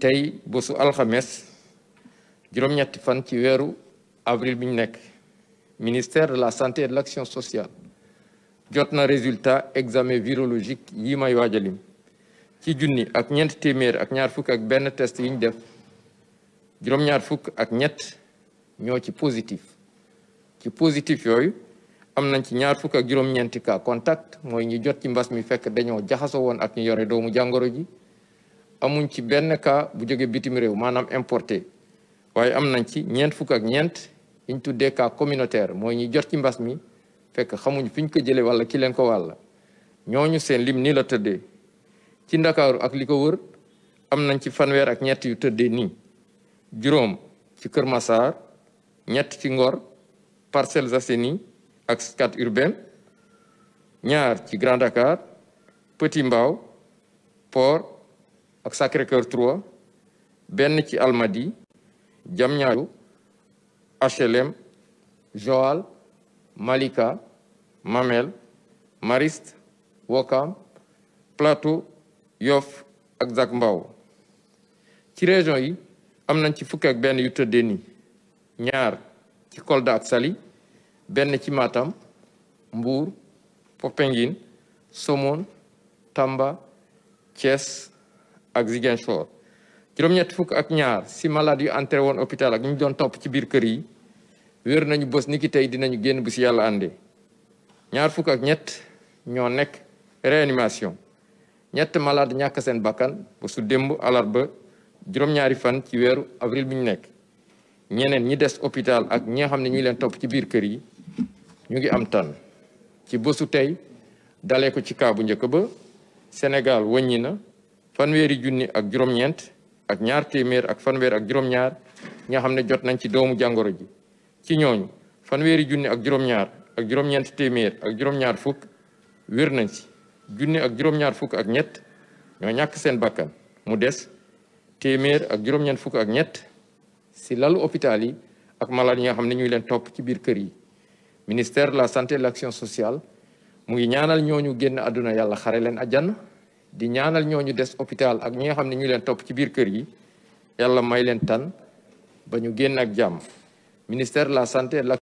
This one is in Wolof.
tey bosu alxames juróom fan ci weeru avril bi ñu nekk ministère de la santé et de l'action sociale jot na résultat examen virologique yi may waajalim ci junni ak ñeent téeméer ak ñaar fukk ak benn test yi ñu def juróom-ñaar ñoo ci positif ci positif yooyu am nañ ci ñaar fukk ak juróom-ñeenti contact mooy ñi jot ci mbas mi fekk dañoo jaxasoo woon ak ñu yore doomu jàngoro ji amuñ ci benn kaa bu jóge bitim réew maanaam importé waaye am nañ ci ñeent fukk ak ñeent ñu tuddee cas communautaire mooy ñi jot ci mbas mi fekk xamuñ fiñ ñu ko jëlee walla ki leen ko wàll ñooñu seen lim nii la tëddee ci ndakaaru ak li ko wër am nañ ci fanweer ak ñett yu tëddee nii juróom ci Kër Massar ñett ci Ngor Parcelles Assainies ak Scat Urbam ñaar ci Grand Dakar Petit Mbao Port ak Sacré Cœur benn ci Almadi Diamniadio achelem Joal Malika Mamel Mariste Ouakam Plateau Yoff ak Zac Mbao ci région yi am nañ ci fukk ak benn yu tëddee ñaar ci Kolda ak benn ci Matam Mbour Popenguine Somone Tamba Thiès ak Ziguinchor juróom-ñett fukk ak ñaar si malade yu entré woon hôpital ak ñu doon topp ci biir kër yi wér nañu bës nikki tey dinañu génn bu si yàlla àndee ñaar fukk ak ñett ñoo nekk réanimation ñett malade ñàkk seen bakkan ba su démb alarba juróom-ñaari fan ci weeru avril bi ñu nekk ñeneen ñi des hôpital ak ñi xam ne ñu leen topp ci biir kër yi ñu ngi am tànn ci bësu tey dalee ko ci kaabu njëkk ba Sénégal wëññi na fanweeri junni ak juróom-ñeent ak ñaar téeméer ak fanweer ak juróom-ñaar ñi xam ne jot nañ ci doomu jàngoro ji ci ñooñu fanweeri junni ak juróom-ñaar ak juróom téeméer ak juróom fukk wér nañ ci junni ak juróom-ñaar fukk ak ñett ñoo ñàkk seen bakkan mu des téeméer ak juróom-ñeent fukk ak ñett si lalu hôpital yi ak malade yi xam ne ñuy leen topp ci biir kër yi ministère de la santé et de l'action sociale mu ngi ñaanal ñooñu génn àdduna yàlla xare leen a àjjana di ñaanal ñooñu des hôpital ak ñi nga xam ne ñuy leen topp ci biir kër yi yàlla may leen tan ba ñu génn ak jàmm ministère de la santé